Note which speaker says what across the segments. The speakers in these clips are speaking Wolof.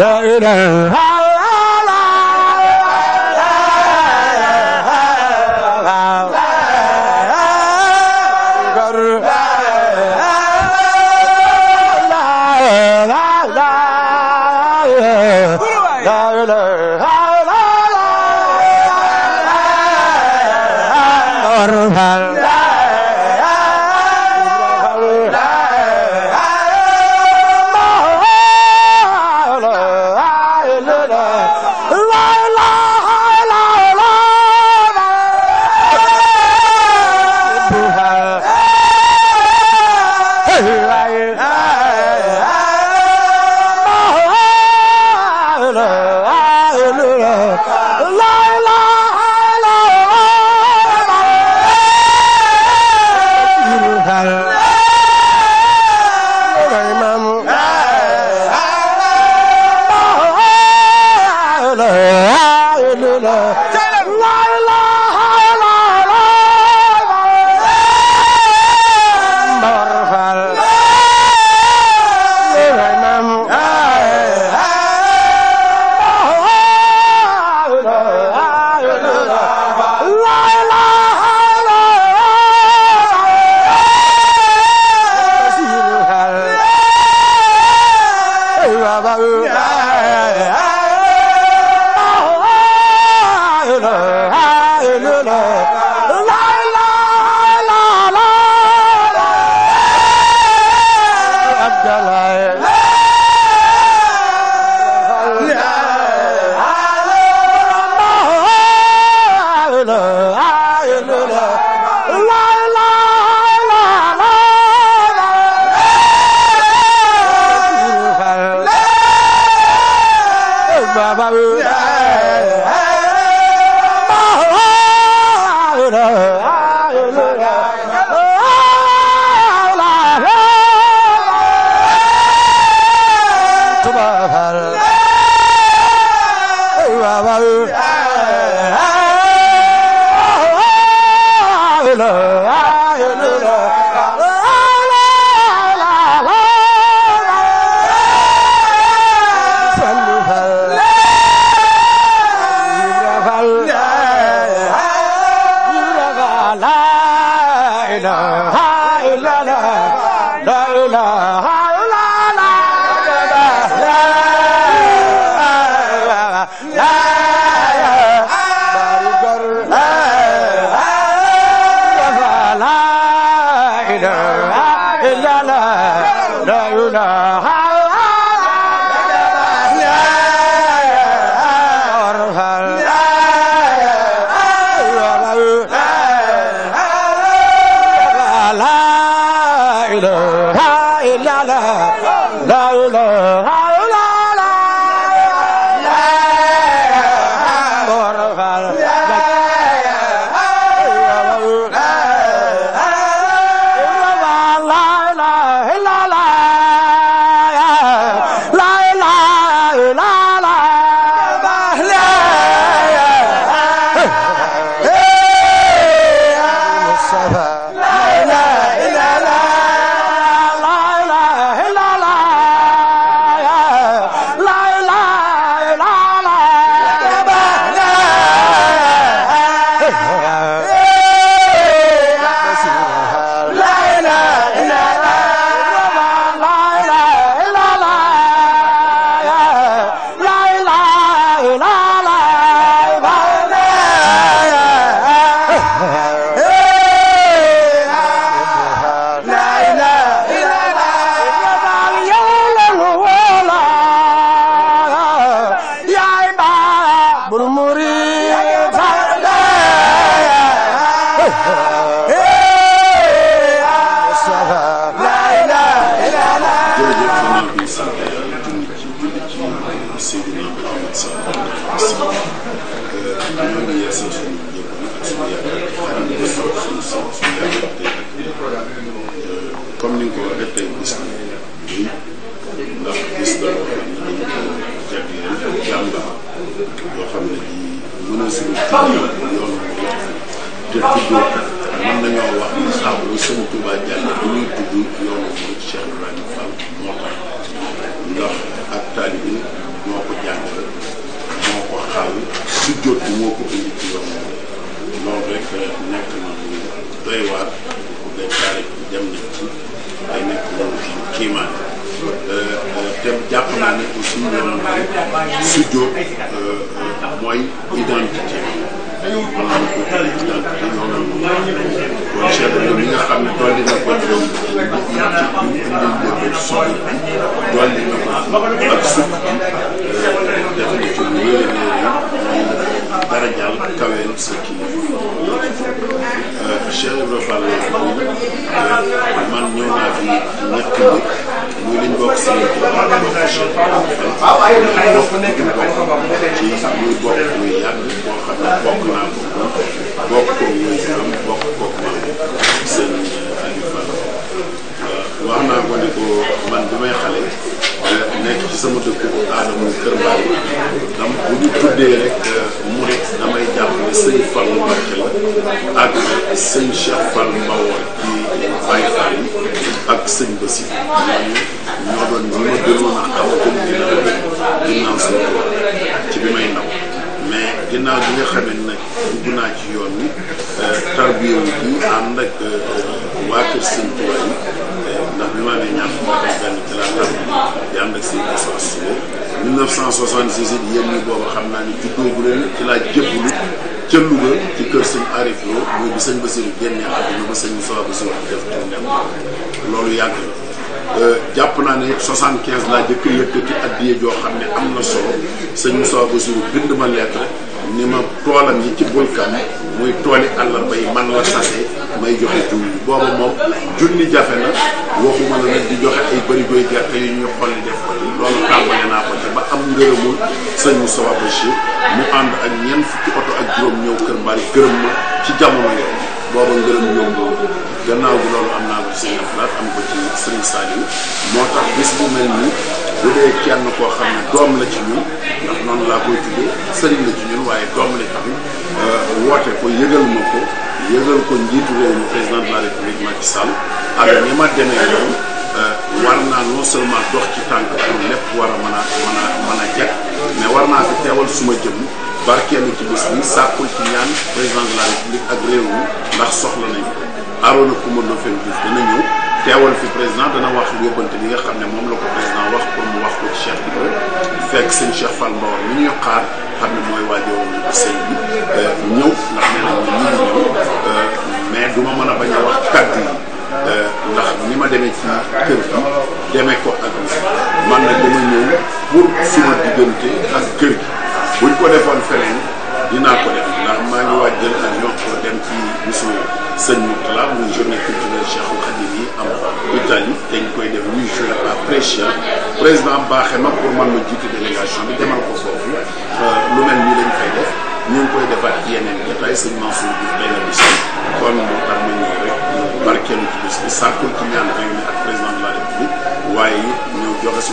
Speaker 1: لا إله la la
Speaker 2: mën si te tuddoo
Speaker 3: mën nañoo wax ne saa
Speaker 2: bu sama Touba Diagne bu ñuy tudd yoonu mooy Cheikh Ibrahima Fall moo tax ndax moo ko jàngale moo jot moo ko indi ci yoon loolu rek nekk na lu doy waar bu dee taarix bi dem nañ ci day nekk loolu kiimaan te euh, euh, euh, jàpp naa ne aussi ñoom studio mooy identité maanaam culture identité ñoom kon Cheikh Ibrahim mi nga xam ne dolli na ko réew mi ci indi lépp sukk dolli na ko ak sukk def na ci lu wér dara jàll kaweel sa kii Cheikh Ibrahim Fall man ñëw naa fi ñetti nit muy liñ bokk si waaw ko bokk ci muy bokk muy yàgg boo xam ne bokk naa ko bokk ko muy am bokk ko maam seen Aliou Fall wax naa ko ko man bi may xale nekk ci sama dëkk aada muy Kër Mbaye dam bu ñu rek mu rek damay jàpp ne sëñ Fall Mbacké la ak sëñ Cheikh Fall Mbaw ci Baye Fall ak sëñ Basir ñoo doon ñi ma gënoon a xam comme ni ma ginnaaw suñu ci bi may ndaw mais ginnaaw bi nga xam ne nag dugg naa ci yoon wi euh, tarbiya bi ak euh, waa sëñ Tuubaa yi euh, ndax bi ma ne ñaar fukki at benn ci laa tarbi di ànd ak sëñ Essence 1966 it yéen ñi booba xam naa ni juddoo bu leen ci laa jébbalu ca Louga ci kër si Arif Lo mooy bi sëñ Basiru génne àdduna ba sëñ Moussa Basiru def tournée loolu yàgg na euh, jàpp naa ne 75 laa jëkk yëkkati addiye joo xam ne am na solo sëñ Moussa Basiru bind ma lettre ni ma toolam yi ci bulkan muy tooli àllarba yi man la sase may joxe jiw yi booba moom junni jafe na waxuma la nag di joxe ay barigoy gerte yu ñu xolli def ko loolu tàmbale naa ko ci ba am ngërëmul sëñ Moustapha Bachir mu ànd ak ñeent fukki oto ak juróom ñëw Kër Mbari gërëm ma ci jamono yooyu booba ngërëm yomboo gannaaw bi loolu am naa ko ci sëñ Aflaat am ko ci sëriñ Saliou moo tax bis bu mel nii bu dee kenn koo xam ne doom la ci ñun ndax noonu laa koy tuddee sëriñ la ci ñun waaye doom la euh, woote ko yëgal ko yëgal ko njiitu réew mi président de la république Macky Sall ak ñi ma deme ñoom euh, war naa non seulement dox ci tànk pour lépp war a mën a mën a mën war naa fi teewal suma jëm barkeelu ci bés bi sàkkul ci ñaan président de la république ak réew mi ndax soxla nañ ko a Coumba Ndoffène Diouf teewal fi président dana wax yóbbante li nga xam ne moom la ko président wax pour mu wax ko ci Cheikh Ibra fekk sëñ Cheikh Fall Mbawar mi ñuy xaar xam ne mooy waajoo sëñ bi euh, ñëw ndax nee nañ ma ñu ñëw euh, mais du ma mën a bañ a wax kaddu yi euh, ndax ni ma demee ci kër gi demee ko ak man nag dama ñëw pour suma diggante ak kër gi buñ ko defoon feneen dinaa ko def ndax maa ngi waaj jël avion pour dem ci mission sëñ Moutala muy journée culturelle Cheikhoul Khadim dañ koy def huit juin à Brescia président baaxe ma pour man ma jiitu délégation bi demal ko foofu euh, lu mel nii lañ koy def ñu ngi koy de ci yeneen jotaay sëñ Mansour Diouf benn bis kon moo tax ma ñëw rek barkeelu ci bis bi sàkkul ci ñaan réew mi ak président de la république waaye it ñëw joxe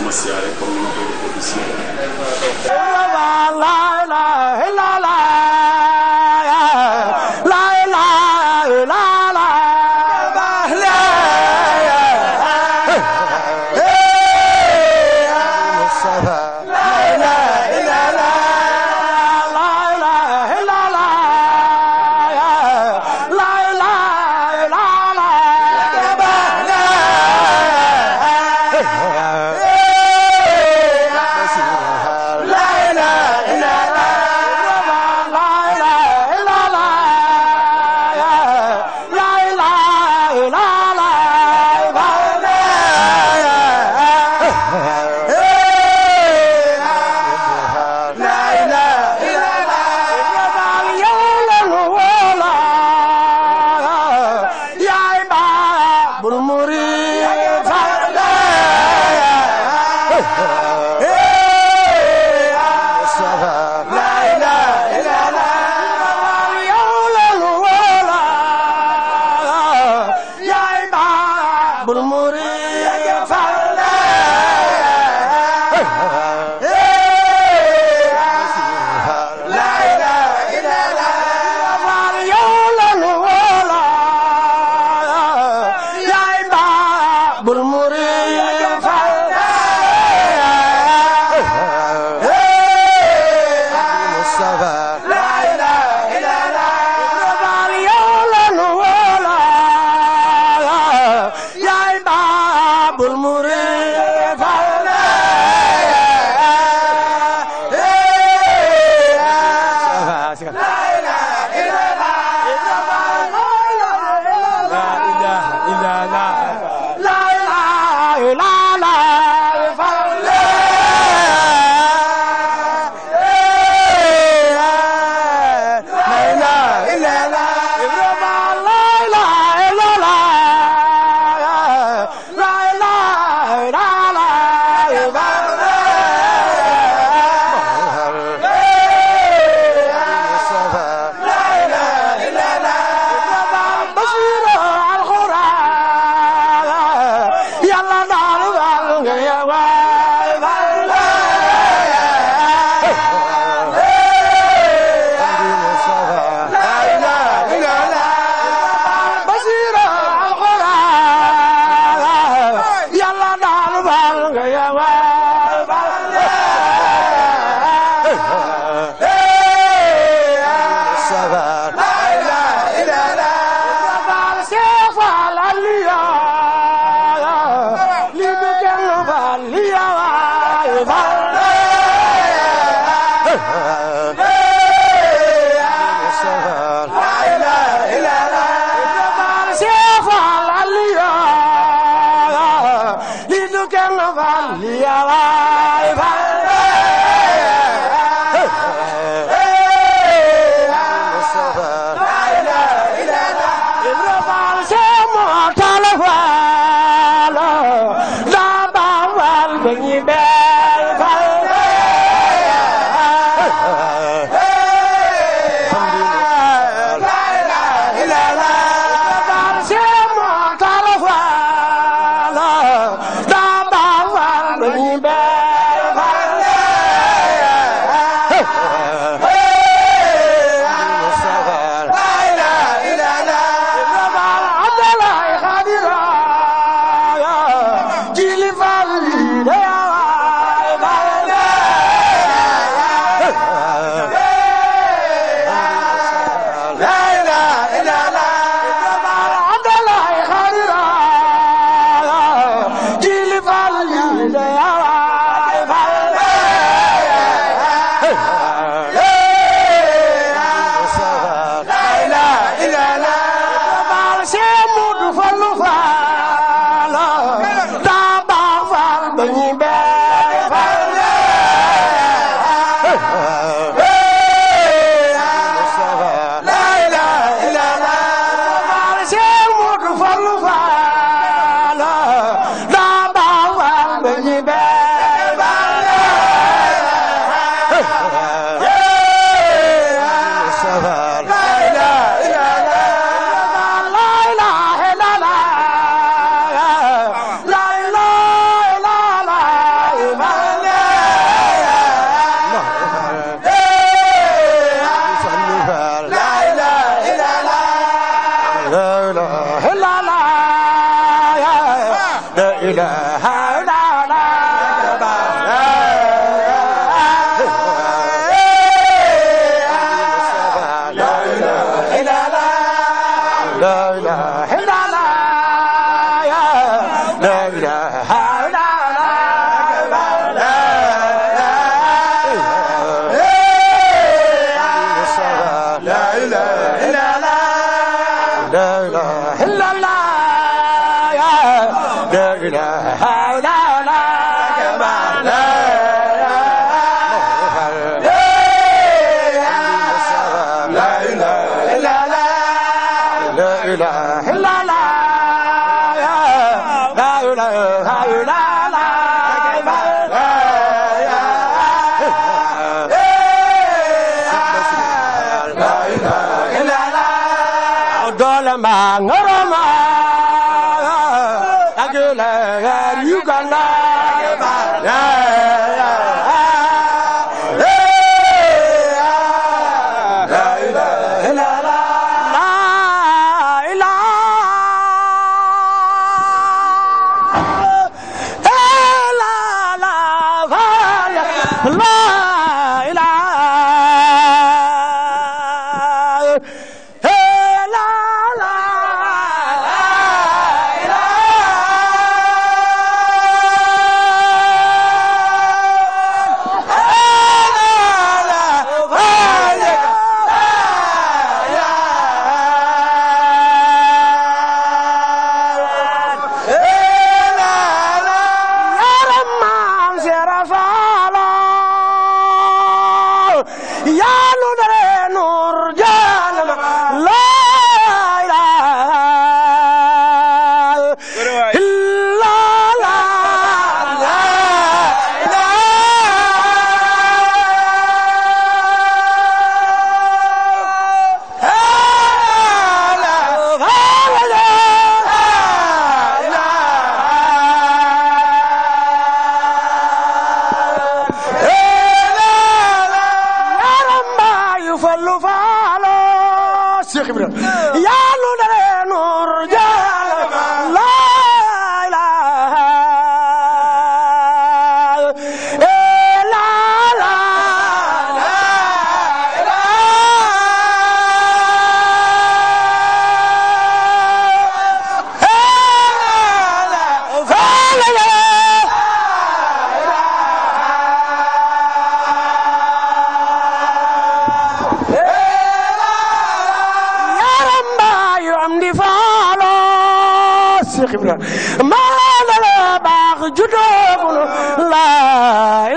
Speaker 1: Cheikh Ibrahima maa la baax juddoo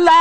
Speaker 1: la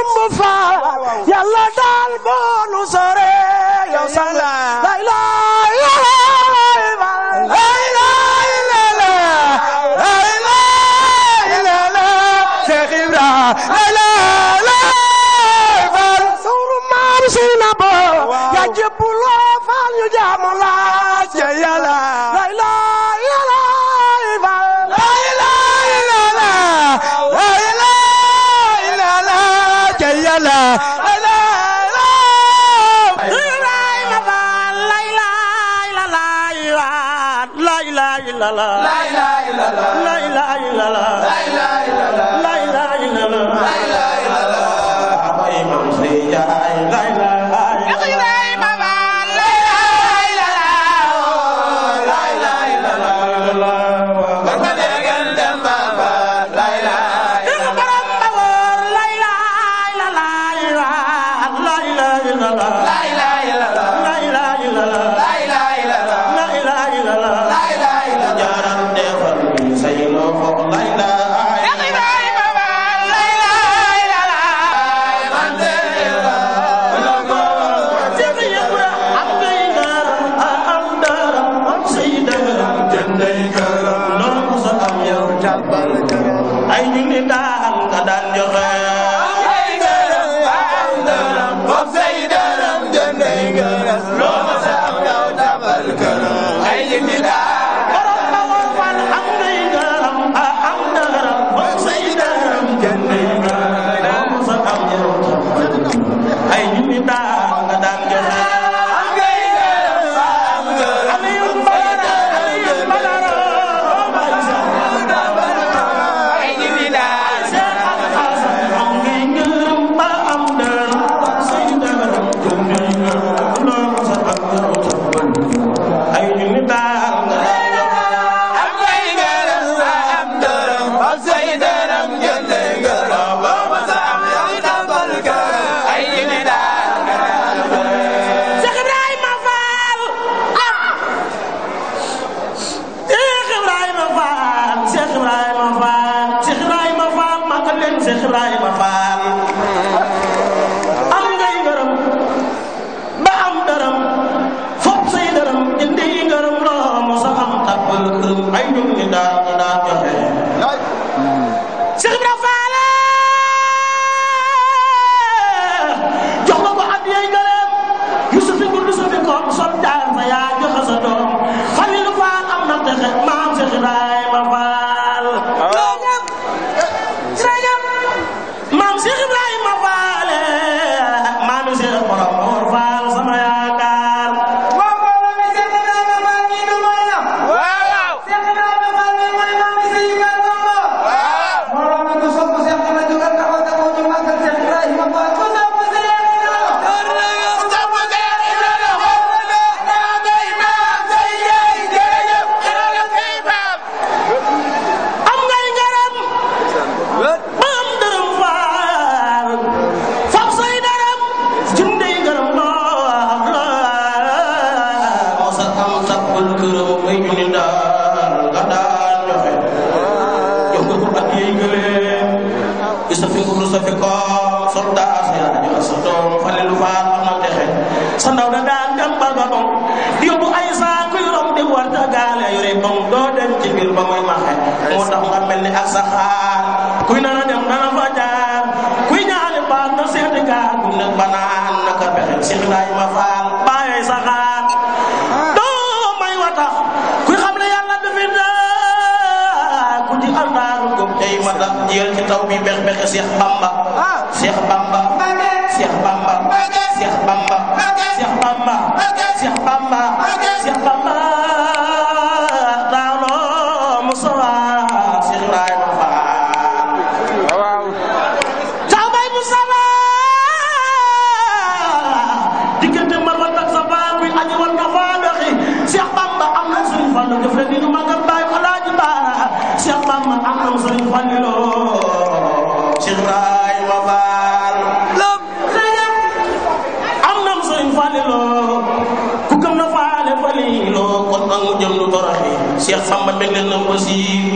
Speaker 1: jëmm
Speaker 4: Seex Bamba mbég leen nam basiir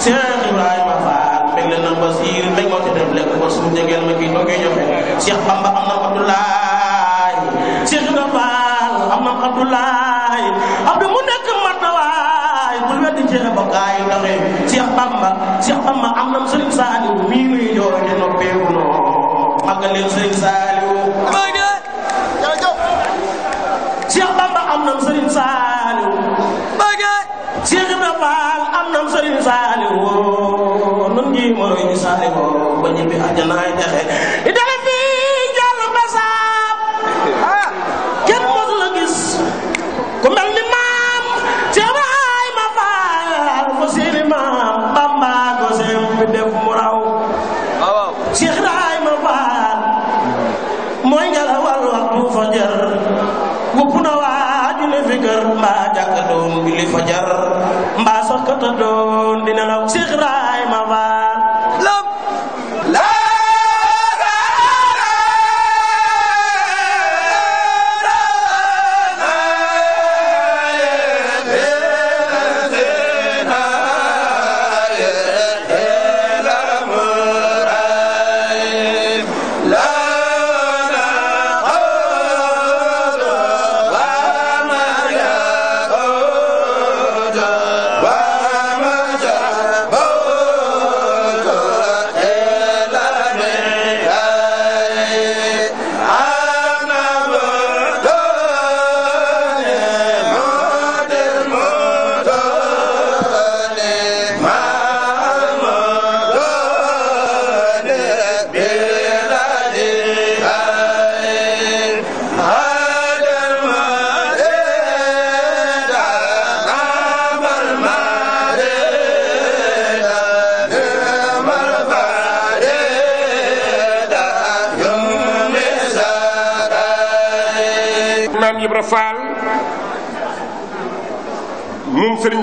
Speaker 4: Cheikh Ibrahima Fall mbég leen nam basiir mbég moo ci def lekk ko suñu njëgeel ma kii toogee ñoxe Cheikh Bamba am nam Abdoulaye Cheikh Ibrahima Fall am nam Abdoulaye Abdou mu nekk martawaay bul weddi Cheikh ba gaay doxe Cheikh Bamba Cheikh Bamba am nam Serigne Saliou mii nuy jooy te noppeeku noo màggal leen Serigne Saliou Cheikh Bamba am nam Serigne Saliou faal am nam sëriñ saali woo nun ngi mooy ñu saali woo ba ñibbi àjjanaay jaxe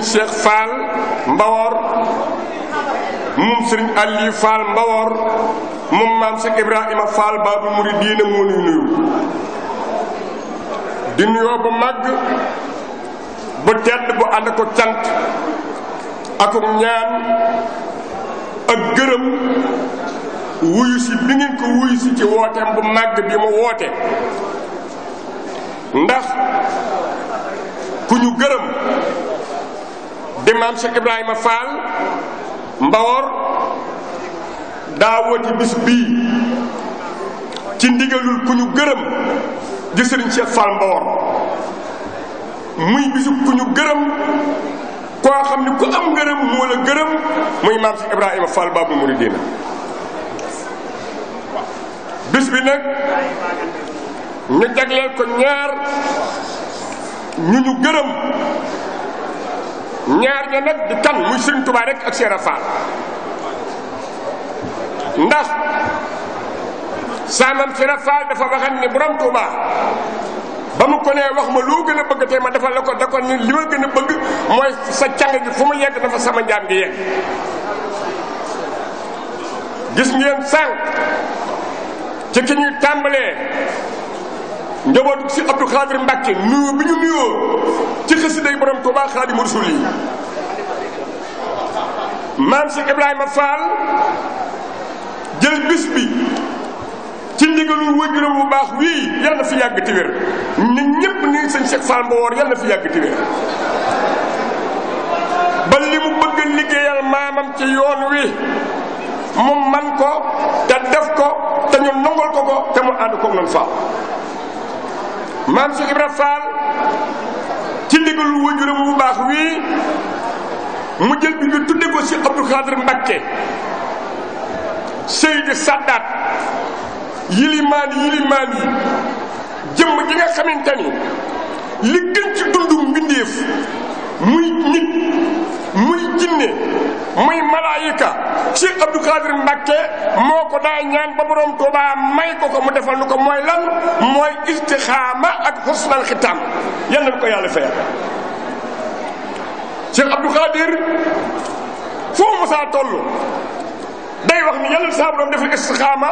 Speaker 5: Serigne Cheikh Fall Mbawor moom Serigne Aliou Fall Mbawor moom maam Cheikh Ibrahima Fall Baabul Muridiina moo nuy nuyu di nuyoo bu màgg bu tedd bu ànd ko cant akum ñaan ak gërëm wuyu si bi ngeen ko wuyu si ci wooteem bu màgg bi mu woote ndax ku ñu gërëm maam Cheikh Ibrahima Fall Mbawor daa wóoti bis bii ci ndigalul ku ñu gërëm di sëriñ Cheikh Fall muy bisu ku ñu gërëm koo xam ne ku am gërëm moo gërëm muy maam Cheikh Ibrahima Fall Baabul Muridiina bis bi nag ñu jagleel ko ñaar ñu ñu gërëm ñaar ña nag di kan muy Sëriñ Tuubaa rek ak Cheikh Fall ndax saamam Cheikh Fall dafa waxan ni borom Tuubaa ba mu ko nee wax ma loo gën a bëgg tey ma dafa la ko da ko li ma gën a bëgg mooy sa càng gi fu mu yegg dafa sama njaam gi yegg gis ngeen sànq ci ki ñuy tàmbalee njabootu si Abdou Khadir Mbacke nuyu bi ñu nuyoo ci xësiday borom Tuubaa Xaadimu Rasuul yi maam si Ibrahima Fall jël bis bi ci ndigalul wajuram bu baax wii yal na fi yàgg te nit ñëpp ni sëñ Cheikh Fall Mbaor yal na fi yàgg te ba li mu bëgg liggéeyal maamam ci yoon wi mu man ko te def ko te ñu nongol ko ko te mu ànd ko noonu faaw maam Cheikh Ibra Fall ci ndigalu wajuram bu baax wii mu jël bi ñu tudde ko si Abdou Khadir Mbacké Seydi Sadat yilimaan yilimaan yi jëmm ji nga xamante ni li gën ci dundu nit muy jinne muy malaayika Cheikh Abdou Khadir Mbacké moo ko daa ñaan ba borom Tuuba may ko ko mu defal nu ko mooy lan mooy istixaama ak xusnal xitaam yal na ko yàlla fayal Cheikh Abdou Khadir foo musaa toll day wax ni yàlla saa borom defal istixaama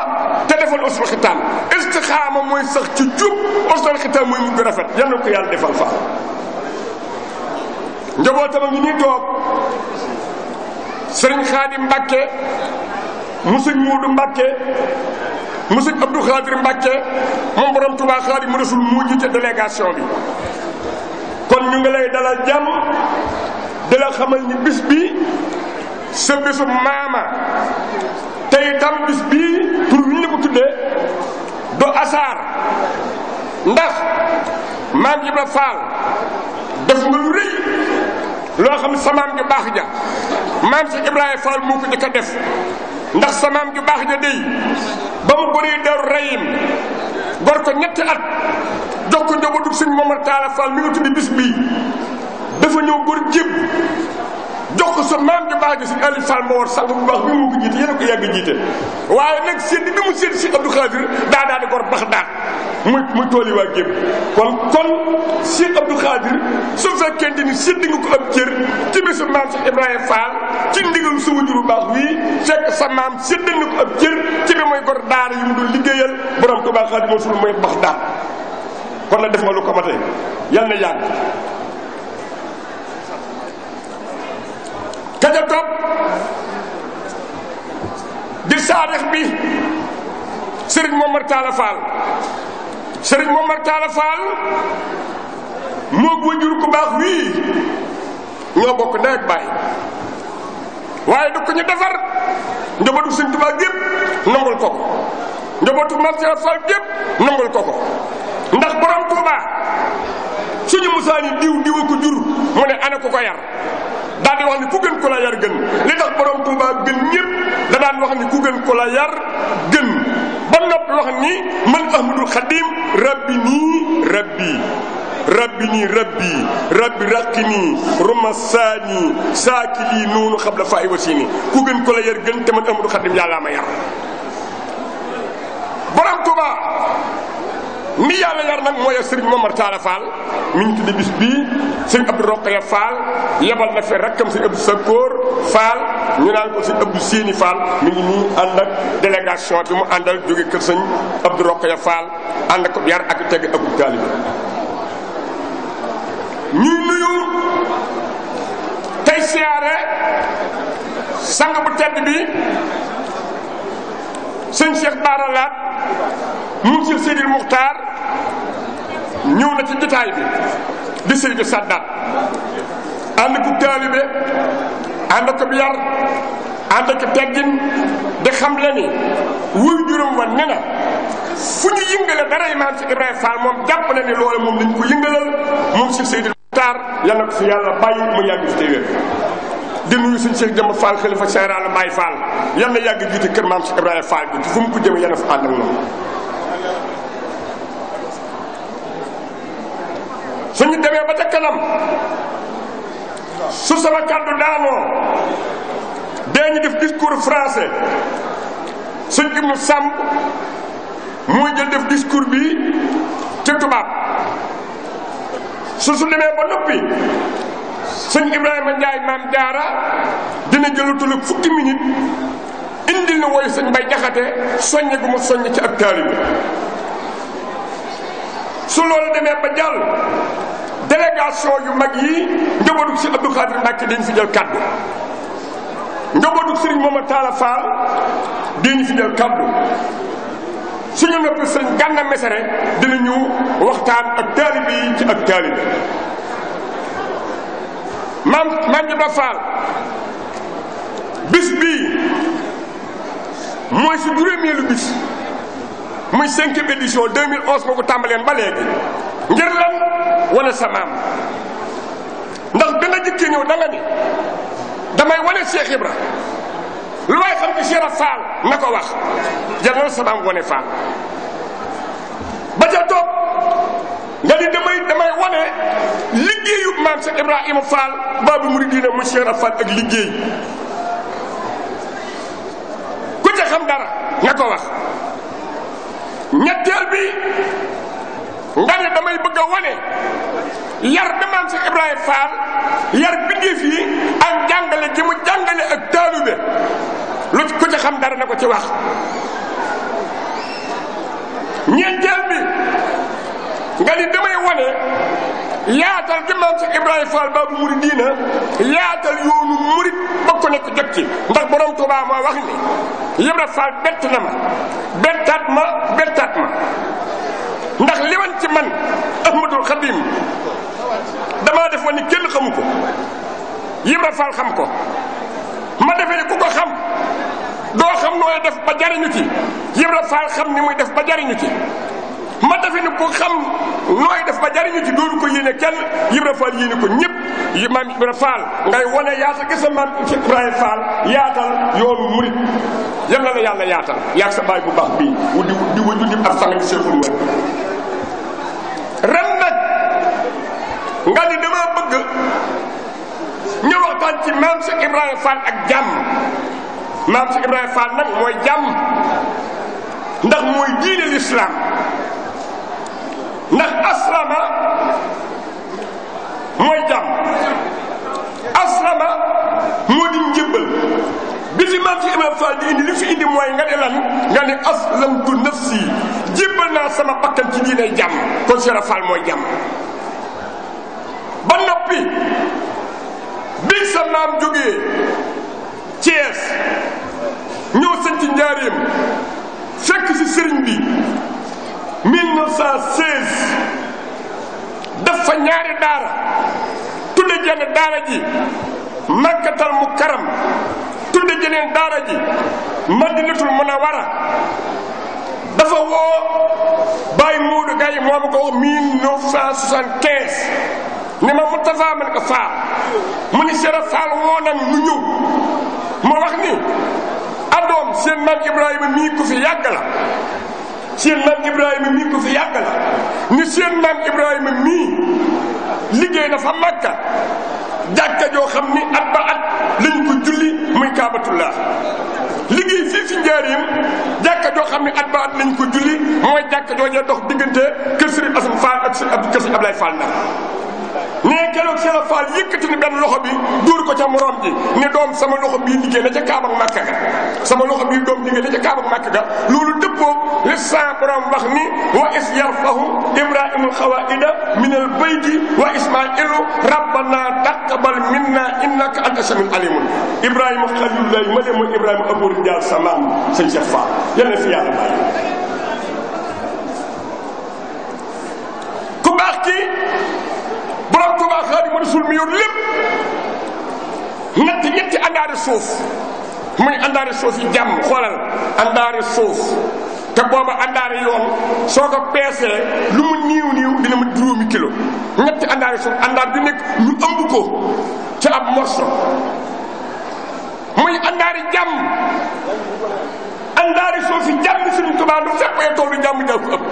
Speaker 5: te defal usul xitaam istixaama mooy sax ci jub usul xitaam mooy mujj rafet yal na ko yàlla defal fa njabootam ngi nii toog sëriñ Xaadim Mbàkke mu sëñ Muudu Mbàkke mu sëñ Abdou Xaadir Mbàkke moom borom Tuubaa Xaadim mu rasul mu jiite délégation bi kon ñu ngi lay dalal jàmm di xamal ni bis bi sa bisu maama tey tam bis bii pour ñu la ko tuddee do asaar ndax maam Ibra Faal def nga rëy loo xam samaam ju baax ja maam si Ibrahima Fall moo ko njëkk a def ndax samaam ju baax ja day ba mu bëree daru rayim gor ko ñetti at jox ko njabootu suñ Momar Taala Fall mi nga bis bii dafa ñëw gor jépp jox ko sa maam ju baax ji sëñ Aliou Fall ma war sang bu bi moo ko jiite yéen a ko yàgg jiite waaye nag sédd bi mu sédd si Abdou Khadir daa daa di gor bax daat muy muy tool yi waa gépp kon kon si Abdou Khadir su fekkente ni sédd nga ko am cër ci bisu maam si Ibrahima Fall ci ndigal sa wajur bu baax wii sa maam séddal nga ko am cër ci mooy gor daara yi mu dul liggéeyal borom Tuubaa Xaadimu Rasuul mooy bax daat kon nag def nga lu ko matee yal na yàgg ka ca topp di saarix bi sëriñ Momar Talla Fall sëriñ moom Talla Fall moog wajur ku baax wii ñoo bokk nawet baay waaye du ko ñu defar njabootu Sëriñ Tuubaa gépp nangul ko ko njabootu Martial Fall gépp nangul ko ko ndax borom Tuubaa suñu musaani diw diwa ko jur mu ne ana yar daal di wax ni ku gën ko la yar gën li tax borom Touba gën ñëpp wax ni ku gën ko la yar gën ba noppi wax ni man ahmadul xadim rabbi nii rabbi rabbi nii rabbi rabbi raqi nii saani saaki lii noonu xab la fa ku gën ko la yar gën te man ahmadul xadim yàllaa ma yar borom Touba mi yàlla yar nag mooy Serigne Momar Talla Fall
Speaker 6: mi ngi tudde bis bii
Speaker 5: sëñ Abdou Rokhaya Fall yabal na fi rakkam sëñ Abdou Sakkoor Fall ñu naan ko sëñ Abdou Séni Fall mi ngi nii ànd ak délégation bi mu àndal jóge kër sëñ Abdou Rokhaya Fall ànd ak yar ak teg ak taalibe ñuy nuyu tey siyaare sang bu tedd bi sëñ Cheikh Bara Laat mu Cheikh Sidil Muxtaar ñëw na ci jotaay bi di Seydou Sadat ànd ku taalibe ànd ko yar ànd ko teggin di xam la ni wuy juróom wa ne na fu ñu yëngale dara Maam Cheikh Ibrahima Fall moom jàpp na ni loolu moom lañ ko yëngalal moom si Seydou Tar yàlla ko fi yàlla bàyyi mu yàgg fi téwéer di nuyu suñu Cheikh Jëmb Fall xalifa général Baye Fall yal na yàgg jiite kër Maam Cheikh Ibrahima Fall bi fu mu ko jëme yàlla fa ànd ak moom suñu demee ba te kanam su sama kàddu daanoo dañu def discours français suñ ibnu sàmb muy jël def discours bi ci tubaab su su demee ba noppi suñ ibrahim njaay maam jaara dina jëlu tulug fukki minute indil na woyu suñ bay jaxate soññ gu mu soññ ci ak taalibi su loolu demee ba jàll délégation yu mag yi njabootu si Abdou Khadir Mbacke dañu fi jël kaddu njabootu Serigne Momar Talla Fall dañu fi jël kaddu suñu nopp sëñ Gana Messere dinañu waxtaan ak taalibe yi ci ak taalibe maam maam Ibra Fall bis bii mooy si juróomeelu bis muy cinquième édition 2011 moo ko tàmbaleen ba léegi ngir lan wala sa maam ndax bi nga jëkkee ñëw da damay wane Cheikh lu waay xam ci Cheikh Fall na ko wax jar na sa maam wane Fall ba ca to nga ni damay damay wane liggéeyu maam Cheikh Ibrahima Fall Babu Mouridina mu Cheikh Fall ak liggéey ku ca dara na ko wax ñetteel bi. nga ne damay bëgg a wane yar bi maam Cheikh Ibrahima Fall yar bindéef yi ak jàngale gi mu jàngale ak taalube lu ku ci xam dara na ko ci wax ñeenteel bi nga ni damay wane yaatal gi maam Cheikh Ibrahima Fall baabu muridiina yaatal yoonu murit bokk nekk jot ci ndax borom Tuubaa moo wax ni Ibra Fall bett na ma bettaat ma bettaat ma ndax li wan ci man Ahmadul Xadim damaa def woon ni kenn xamu ko Ibra Fall xam ko ma defee ne ku ko xam doo xam nooy def ba jariñu ci Ibra Fall xam ni muy def ba jariñu ci ma defe ni ku xam nooy def ba jariñu ci dooru ko yéene kenn Ibra Fall yéene ko ñëpp yi maam Ibra ngay wane yaata ki sa maam ci Ibrahima Fall yaatal yoonu murit yal na la yàlla yaatal yaag sa baay bu baax bii di di waju di ab sangañu seekul ma nga ni dama bëgg ñu waxtaan ci maam Cheikh Ibrahima Fall ak jàmm maam Cheikh Ibrahima Fall nag mooy jàmm ndax mooy diine lislaam ndax aslama mooy jàmm aslama moo di njëbbal bi maam Cheikh Ibrahima Fall di indi li fi indi mooy nga ne lan nga ne aslamtu nafsi jébbal naa sama bakkan ci diinay jàmm kon Cheikh mooy jàmm lislaam jógee ñëw sañ njaareem fekk ci sëriñ bi 1916 def ñaari daara tudde jenn daara ji makkatal mu karam tudde jeneen daara ji madinatul munawara dafa woo Baye Modou Gaye moo ma ko 1975 ne ma Mourtaza ma ne ko Fall mu ni Sera Fall woo nañu nu ñëw ma wax ni adoom seen maam Ibrahima mii ko fi yàgg la seen maam Ibrahima liggéey na fa Makka jàkka joo xam ni at ba at lañ ko julli muy Kaabatullah liggéey fii fi njaareem jàkka joo xam ni at ba at lañ ko julli mooy jàkka joo dox diggante kër Serigne Assane Fall ak na keroog Cheikh Fall yëkkati ni benn loxo bi dóor ko ca morom ji ni doom sama loxo bi liggéey na ca Kaaba ak Makka ga sama loxo bii doom liggéey na ca Kaaba ak Makka ga loolu dëppoo li sa borom wax ni wa is yarfahu ibrahimul xawaida min al bayti wa ismailu rabbana taqabal minna innaka anta samiul alimun ibrahima xalilullahi ma ne mooy ibrahima sa maam sëñ Cheikh Fall yal na fi yàlla Muhammad Rasul mi yor muy àndaari suuf yi jàmm xoolal àndaari suuf te booba àndaari yoon soo ko peesee lu mu niiw niiw dina mu juróomi kilo ñetti àndaari suuf àndaar bi nekk ñu ëmb ko ci ab morso muy àndaari jàmm àndaari suuf yi jàmm Sëriñ Tuubaa du fekk ay jàmm jàmm ëpp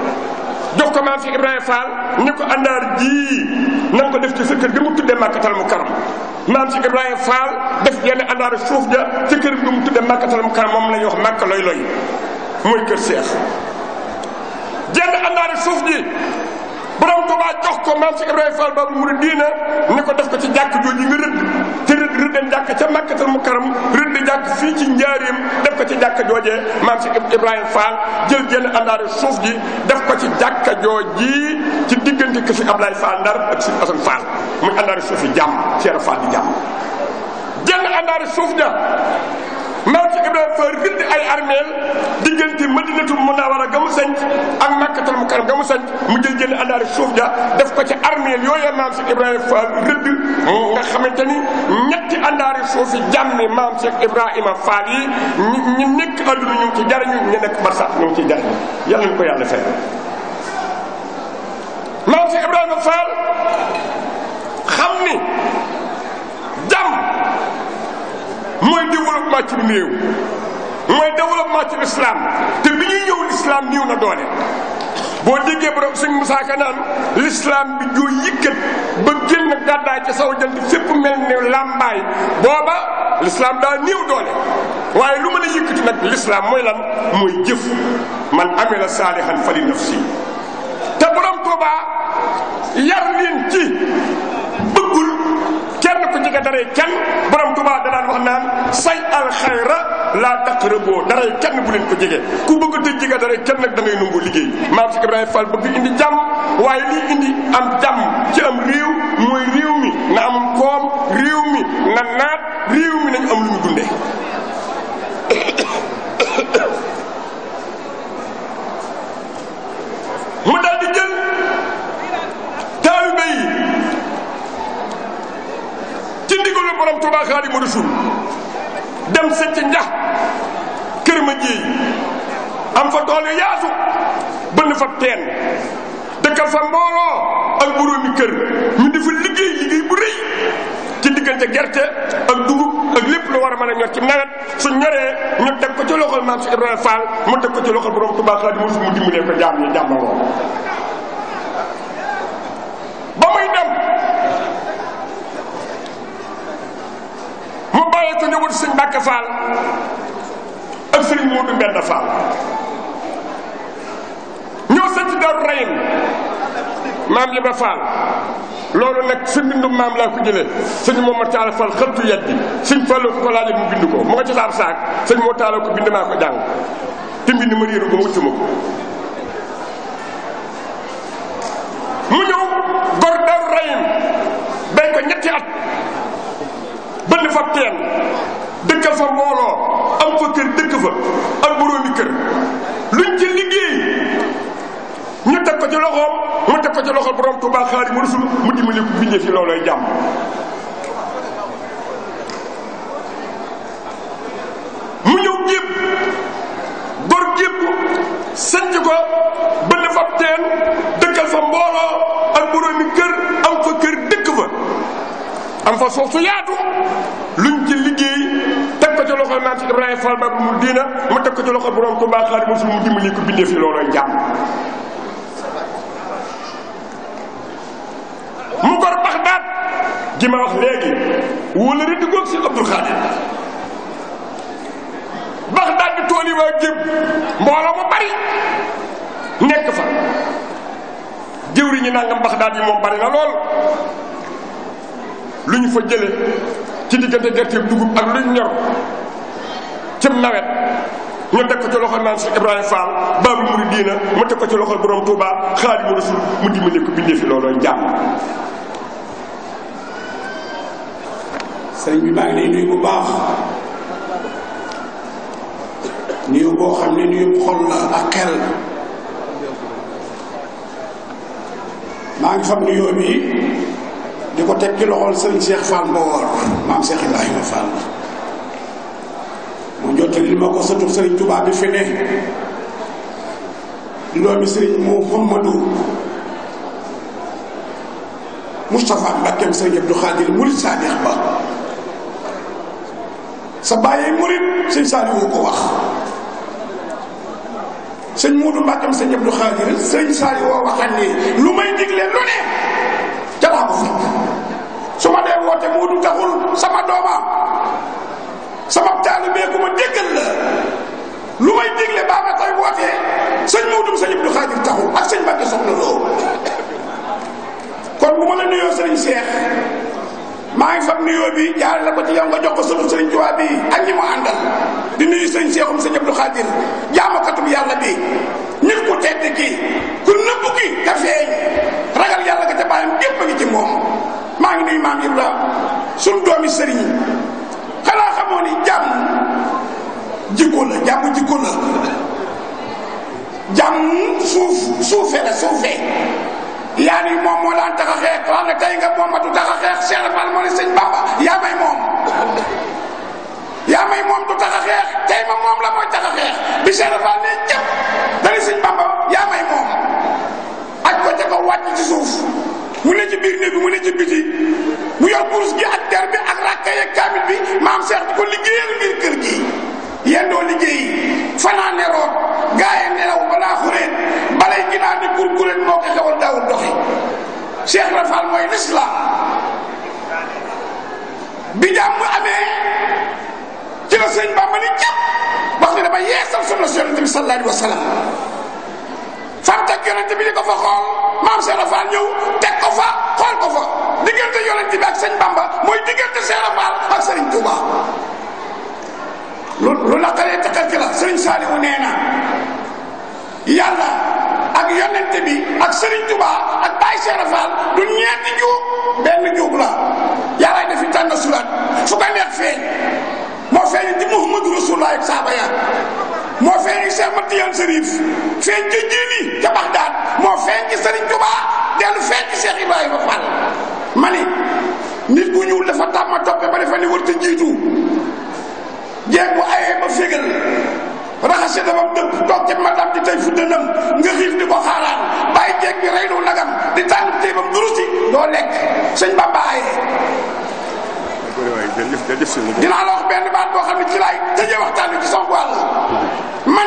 Speaker 5: jox ko maam Cheikh Ibrahima Fall ni ko àndaar jii na ko def ci sa kër gi mu tuddee màkkatal mu karam maam Cheikh Ibrahima Fall def yenn àndaaru suuf ja ci kër gi mu tuddee màkkatal mu karam moom la ñuy wax màkk loy loy mooy kër Cheikh jenn àndaaru suuf ji borom Tuubaa jox ko maam Cheikh Ibrahima Fall Baabul Muriidiina ni ko def ko ci jàkk jooju nga rëdd dem jàkk ca Makkatul Mukarram rëdd jàkk fii ci njaareem def ko ci jàkk joojee maam si Ibrahima Fall jël jenn àndaari suuf def ko ci jàkk joojii ci diggante ki si Ablaye Fall Ndar ak si Assane Fall muy àndaari suuf yi jàmm Cheikh Fall di jàmm jenn àndaari suuf ja maam Cheikh Ibrahima Fall rëdd ay armeel diggante madinatul munawara ga mu sanc ak makkatul mukarram ga mu sanc mu jël jël àndaari suuf ja def ko ci armeel yooyee maam Cheikh ni ñetti àndaari suuf yi jàmmi maam Cheikh Ibrahima Fall yi ñi ñi nekk àdduna ñu ngi ci jariñu ñu nekk barsax ñu ngi ci jariñu yal nañu ko yàlla fay maam Cheikh Ibrahima Fall xam ni mooy développement ci néew mooy développement ci l'islam te bi ñuy ñëw l'islam néew na doole boo déggee borom sëñ Moussa Ka naan l'islam bi joo yëkkat ba génn gàddaay ca saw jant fépp mel ne làmbaay booba l'islam daa néew doole waaye lu ma a yëkkati nag l'islam mooy lan mooy jëf man amila saalihan fali nafsi te borom Tuubaa yar leen ci nga daray kenn borom Tuubaa danaan wax naan say alxayra laa taqraboo daray kenn bu leen ko jege ku bëgg di jege daray kenn nag da ngay liggéey maam Cheikh Ibrahima Fall bëgg indi jàmm waaye lii indi am jàmm ci am réew mooy réew mi na am koom réew mi na naat réew mi nañu am lu ñu dundee borom Touba Xaadimu Rasuul dem sëcc njax kër ma jéey am fa tool yu yaatu bënn fa teen dëkkal fa mbooloo ak boroomi kër ñu di fa liggéey liggéey bu rëy ci diggante gerte ak dugub ak lépp lu war a mën a ñor ci nawet su ñoree ñu teg ko ci loxol maam si Ibrahima Fall mu teg ko ci loxol borom Touba Xaadimu Rasuul mu dimbalee ko jaam ñu jàmmaloo bokk ci njabootu sëñ Mbàkke Fall ak sëriñ Moodu Mbenda Fall ñoo sañ ci Daaru Rahim maam Ibra Fall loolu nag sa mbindum maam laa ko jëlee sëñ moom ma taala Fall xëttu yet bi sëñ Fallu ko laaje mu bind ko mu nga ci saak sëñ moo taala ko bind maa ko jàng te mbind ma réeru ba wuccuma ko mu ñëw gor Daaru Rahim bay ko ñetti at bënn fa teen dëkkal fa mbooloo am fa kër dëkk fa am boroomi kër luñ ci liggéey ñu teg ko ci loxoom mu teg ko ci loxol gor gépp sanc ko bënn fa teen dëkkal fa mbooloo am fa suuf su yaatu luñ ci liggéey teg ko ci loxo maam ci Ibrahima Fall ba mu diina mu teg ko ci loxo borom ko baax xaalis mu dimbali ko bindee fi loolooy jàmm mu gor Baxdaad gi ma wax léegi wóla rëdd goog si Abdul Xaadir Baxdaad di tool yi waa mbooloo mu bari nekk fa jëwriñu nangam Baxdaad yi moom bari na lool lu ñu fa jële ci diggante gerte dugub ak luñ ñor ci nawet nga teg ko ci loxo naan si Ibrahima Fall Baabul Muridiina ma teg ko ci loxo borom Touba Xaadimu mu dimbali ko bindee fi looloo jàmm. sëriñ bi maa ngi lay bu baax nuyu boo xam ne nuyu xol ak xel maa ngi xam nuyoo bi. di ko teg ci loxol sëriñ Cheikh Fall ma woor maam Cheikh Ibrahima Fall mu jottalil ma ko sëtu sëriñ Touba bi fi ne di doomi sëriñ Mouhamadou Moustapha Mbakkeem sëriñ Abdou Khadir Murid Saadix ba sa bàyyee murid sëñ Saaliwu ko wax sëñ Muudu Mbakkeem sëriñ Abdou Khadir sëñ Saaliwu woo waxal nii lu may digle lu ne ca te Moodu taxul sama doomam ma déggal la lu may dégle ma koy wootee sëñ Moodu kon bu ma la nuyoo sëriñ Cheikh maa ngi fab nuyoo bi jaare la ko ci yow nga jox ko sëtu sëriñ Tuubaa bi ak ñi mu àndal di nuyu sëriñ Cheikhum sëñ Abdou Khadir jaamakatub yàlla bi nit ku muy maam Ibrahima suñ doomi sëriñ yi xanaa xamoo ni jàmm jikko la jàmm suuf suufee la suufee yaa moom moo daan tax a xeex wax nga tey nga moomatu tax a xeex Cheikh Fall moo ne sëñ Bamba yaa may moom yaa may moom du tax a xeex tey ma moom la mooy tax a xeex bi Cheikh Fall ne jëpp dani sëñ Bamba yaa may moom aj ko ca wàcc suuf mu ne ci biir néeg bi mu ne ci biti mu yor kurus gi ak der bi ak rakka yeeg kaamil bi maam Seex di ko liggéeyal ngir kër gi yéen doo liggéey fanaane roog gaa yi nelaw balaa xuréen balay ginaa di moo ko xewal daawul doxi Cheikh Rafal mooy lislaam bi jàmm mu amee ci la sëñ Bàmba ni jàpp wax ne dama yeesal sunna si yonente bi sallallahu alayhi fam teg yonent bi di ko fa xool maam Cheikh Fall ñëw teg ko fa xool ko fa diggante yonent bi ak sëñ Bamba ak Serigne Touba. lu lu naqaree takkal ki la Serigne Saliou nee na yàlla ak yonent bi ak Serigne Touba ak Baye Cheikh Fall du ñeenti juub benn juub la yàllaay def fi tànn sulaat fu ko neex feeñ moo feeñ di Muhammadu Rasulullah ak moo feeñ Cheikh Mat Tijaan Sërif feeñ ca Jili ca Baxdaad moo feeñ ci Sëriñ Tubaa dellu feeñ ci Cheikh Ibrahima Fall ma ni nit ku ñuul dafa tàmma toppe ba defa ne wër te jiitu jeeg bu ayee ba fégal raxase dabam dëpp toog ca matam di tey fu dënam nga xiif di ko xaaraan bàyyi jeeg bi reylu nagam di tàng tey durusi doo lekk sëñ Bamba ayee dinaa la wax benn baat boo xam ne ci laay tëjee waxtaan bi ci sama wàll ma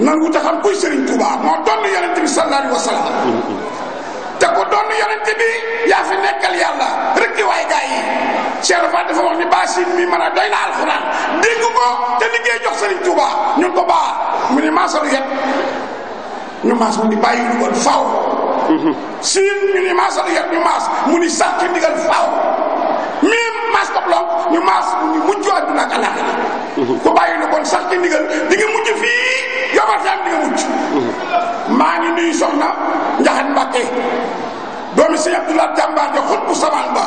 Speaker 5: ni a xam kuy Serigne Touba moo doon yonente bi sallallahu alayhi wa te ko doon yonente bi yaa fi nekkal yàlla rek di waay gaa yi Cheikh Rafa dafa wax ni baasin mi mën a doy na alxuraan dégg ko te liggéey jox Serigne Touba ñun ko baax mu ni maasalu yet ñu maas mu ni bàyyi lu bon faaw mhm. siin ñu ni maasalu yet ñu maas mu ni sax ci ndigal miim maas ko blong ñu maas ñu mucc àdduna ak alaxira ku bàyyi na kon sax ci ndigal di nga mucc fii yomal saan di nga mucc maa ngi nuyu soxna Njaxat Mbàkke doomi sëñ Abdoulaye jàmbaar ja xut bu samaan ba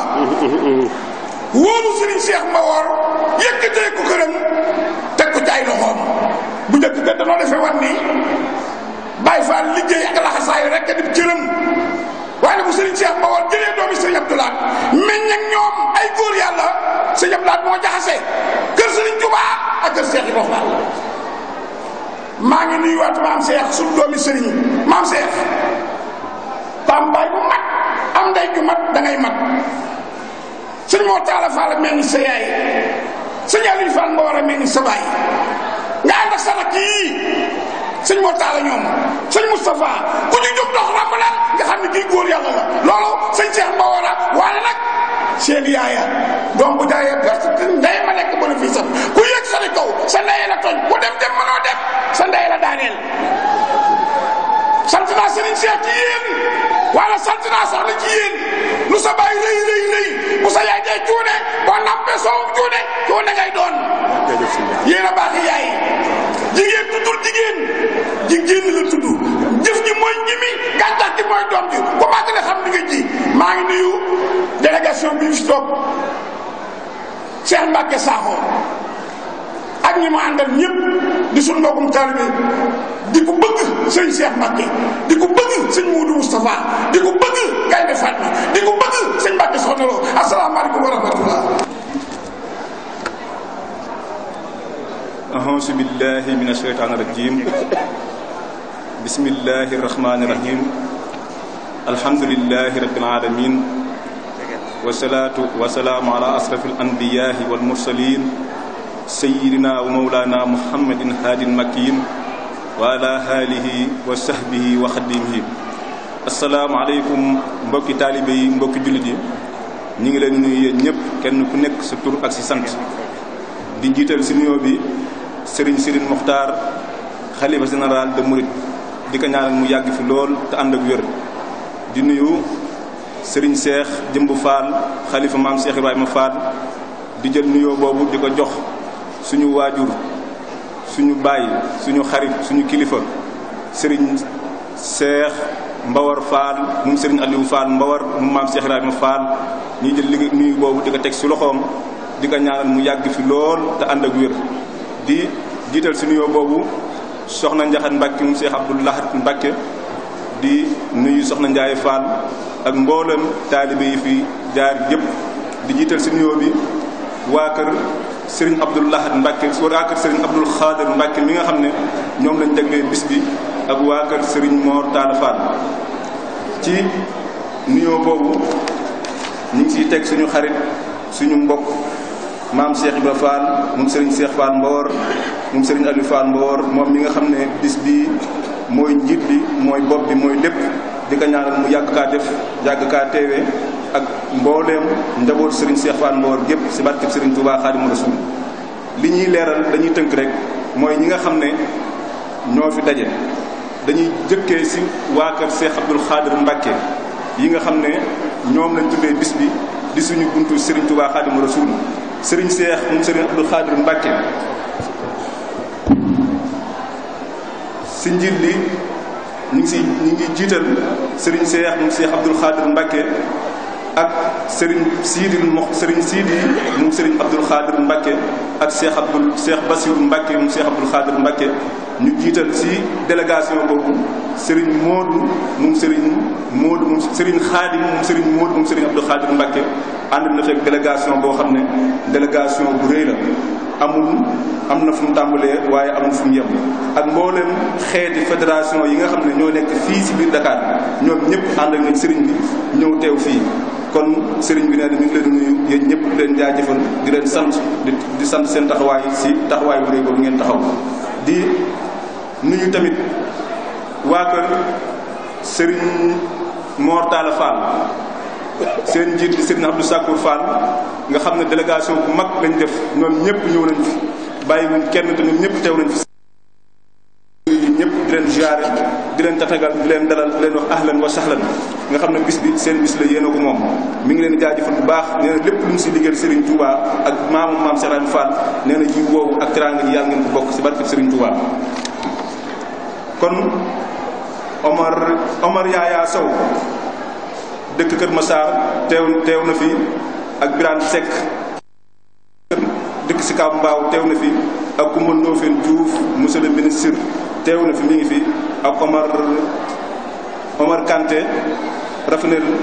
Speaker 5: wóolu sëriñ Seex ma woor yëkkatee ko këram teg ko ci ay loxoom bu njëkk ga danoo defee wan ni Baay Faal liggéey ak laxasaayu rek a dem waaye bu Serigne Cheikh Mbawar jëlee doomi Serigne Abdou Lahad meññ ak ñoom ay góor yàlla Serigne Abdou Lahad moo jaxase kër Serigne Touba ak kër Cheikh Ibrahima Fall maa ngi nuyuwaat maam Cheikh suñu doomi Serigne maam Cheikh tàmbaay bu mat am ndey ju mat da mat suñ moo taala Fall meññ sa yaay suñu Mbawar a meññ sa nga ànd ak sa sëñ Mortala ñoom sëñ Moustapha ku ñu jóg dox ràppalaat nga xam ne kii góor yàlla la loolu sëñ Cheikh Mbawara waaye nag seen yaaya doom bu jaayee perte ndey ma nekk bénéfice am ku yëg sa ne sa ndey la daaneel sant naa sëriñ Cheikh ci yéen wala sant naa sax yéen lu sa bàyyi rëy rëy rëy bu yaay dee cuune boo nappee soowu cuune cuune ngay doon yéen a baaxi yaay jigéen tuddul jigéen jigéen la tudd jëf ji mooy ñimi gàncax gi mooy doom ji commencé nga xam ni nga ji maa ngi nuyu délégation bi ñu fi toog Cheikh Mbacke ak ñi ma àndal ñëpp di suñ mbokkum taalibe di ko bëgg sëñ Cheikh Mbacke di ko bëgg sëñ Moudou Moustapha di ko bëgg Gaynde Fatma di ko bëgg sëñ Mbacke Soxna Lo asalaamaaleykum wa rahmatullah
Speaker 6: أعوذ بالله من الشيطان الرجيم بسم الله الرحمن الرحيم الحمد لله رب العالمين والصلاة والسلام على أشرف الأنبياء والمرسلين سيدنا ومولانا محمد هادي المكين وعلى آله وصحبه وخدمه asalaamaaleykum mbokki taalibe yi mbokki jullit yi ñu ngi leen nuyu yéen ñëpp kenn ku nekk sa tur ak si sant di jiital si nuyoo bi Serigne Serigne Mokhtar xalifa général de Mouride di ko ñaanal mu yàgg fi lool te ànd ak wér di nuyu sëriñ Cheikh Jëmb Fall xalifa maam Cheikh Ibrahima Fall di jël nuyoo boobu di ko jox suñu waajur suñu baay suñu xarit suñu kilifa sëriñ Cheikh. Mbawar Fall mu Serigne Aliou Fall Mbawar moom maam Cheikh Ibrahima Fall ñuy jël liggéey nuyu boobu di ko teg si loxoom di ko ñaanal mu yàgg fi lool te ànd ak wér. di jiital si nuyoo boobu soxna Njaxat Mbàkke mu Seex Abdul Lahat Mbàkke di nuyu soxna Njaay Fall ak mboolem taalibe yi fi jaar yëpp di jiital si nuyoo bi waa kër sëriñ Abdul Lahat Mbàkke waa kër Serigne Abdul Xaadir Mbàkke mi nga xam ne ñoom lañ jaglee bis bi ak waa kër Serigne Mor Talla Fall ci nuyoo boobu ñu ngi siy teg suñu xarit suñu mbokk maam Cheikh ba Fall moom Serigne Cheikh Fall Mbor moom Serigne Aliou Fall Mbor moom mi nga xam ne bis bi mooy njiit bi mooy bopp bi mooy lépp di ko mu yàgg kaa def yàgg kaa teewee ak mbooleem njaboot Serigne Cheikh Fall Mbor gépp si barkeb Serigne Touba Xaadimu Rasuul li ñuy leeral dañuy tënk rek mooy ñi nga xam ne ñoo fi daje dañuy jëkkee si waa kër Cheikh Abdoul Khadir yi nga xam ne ñoom lañ tuddee bis bi di suñu buntu Serigne Touba Xaadimu Rasuul sëriñ seex moom sëriñ Abdou Khadir Mbacke si njiit li ñu ngi si ñu ngi jiital sëriñ seex moom seex Abdou Khadir Mbacke ak sëriñ siidi mo sëriñ siidi moom sëriñ Abdou Khadir Mbacke ak seex Abdou seex Basiru Mbacke moom seex Abdou Khadir Mbacke ñu jiital ci délégation boobu sëriñ Modou moom Serigne Modou moom Serigne Khadim moom Serigne Modou moom Serigne Abdou Khadir Mbacke ànd na fekk délégation boo xam ne délégation bu rëy la amul am na fu mu tàmbalee waaye amul fu mu yem ak mbooleem xeeti fédération yi nga xam ne ñoo nekk fii ci biir Dakar ñoom ñëpp ànd ak nañ Serigne ñëw teew fii. kon sëriñ bi nee na mi ngi leen di nuyu yéen ñëpp di leen jaajëfal di leen sant di sant seen taxawaay si taxawaay bu rëy boobu ngeen taxaw nuyu tamit waa kër Serigne Mor Talla Fall seen njiit li Serigne Abdou Sakour Fall nga xam ne délégation bu mag lañu def ñoom ñëpp ñëw nañ fi bàyyiwuñ kenn te ñoom ñëpp teew nañ fi. ñëpp di leen ziare di leen tatagal bi leen dalal di leen wax ahlan wa sahlan nga xam ne bis bi seen bis la yéen a ko moom mi ngi leen jaajëfal bu baax nee na lépp lu mu si liggéeyal Serigne Touba ak maamu maam Serigne Fall nee na ji woowu ak teraanga ji yàlla ngeen ko bokk si barke Serigne Touba. kon Omar Omar Yaya Sow dëkk Kër Massar teew teew na fi ak Birane Seck dëkk si Kaw Mbaaw teew na fi ak Coumba Ndoffène Diouf monsieur le ministre teew na fi mi ngi fi ak Omar Omar Kanté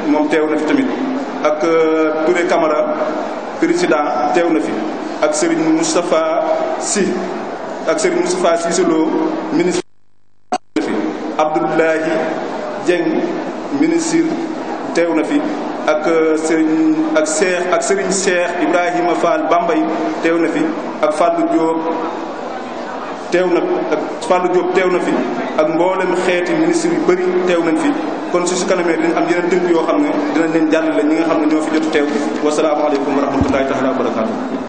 Speaker 6: moom teew na fi tamit ak euh, Touré Camara président teew na fi ak Serigne Moustapha Sy ak Serigne Moustapha Cissé Lo ministre Abdoulaye Dieng ministre teew na fi ak euh, Serigne ak Cheikh ak Serigne Cheikh Ibrahima Fall Bambay teew na fi ak fàll Diop teew na ak Fallou Diop teew na fi ak mboolem xeeti ministre yu bëri teew nañ fi kon su si kanamee dinañ am yeneen tënk yoo xam ne dinañ leen jàllale ñi nga xam ne ñoo fi jot teew wasalaamaaleykum wa rahmatullahi taala wa barakaatu